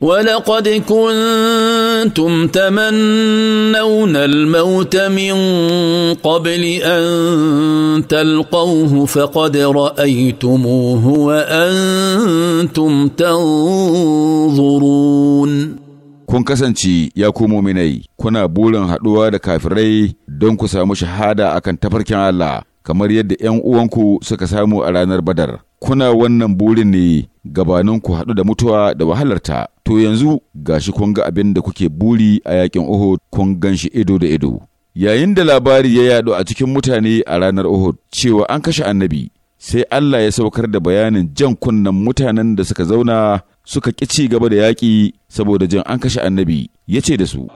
ولقد كنتم تمنون الموت من قبل ان تلقوه فقد رايتموه وانتم تنظرون kun kasance ya ku muminai kuna burin haɗuwa da kafirai don ku samu shahada akan tafarkin Allah kamar yadda 'yan uwanku suka samu a ranar badar kuna wannan burin ne gabaninku haɗu da mutuwa da wahalarta To yanzu gashi kun ga abin da kuke buri a yakin Uhud kun gan shi ido da ido. Yayin da labari ya yaɗu a cikin mutane a ranar Uhud cewa an kashe annabi, sai Allah ya saukar da bayanin jan kunnen mutanen da suka zauna suka ƙi ci gaba da yaƙi saboda jin an kashe annabi, ya ce da su.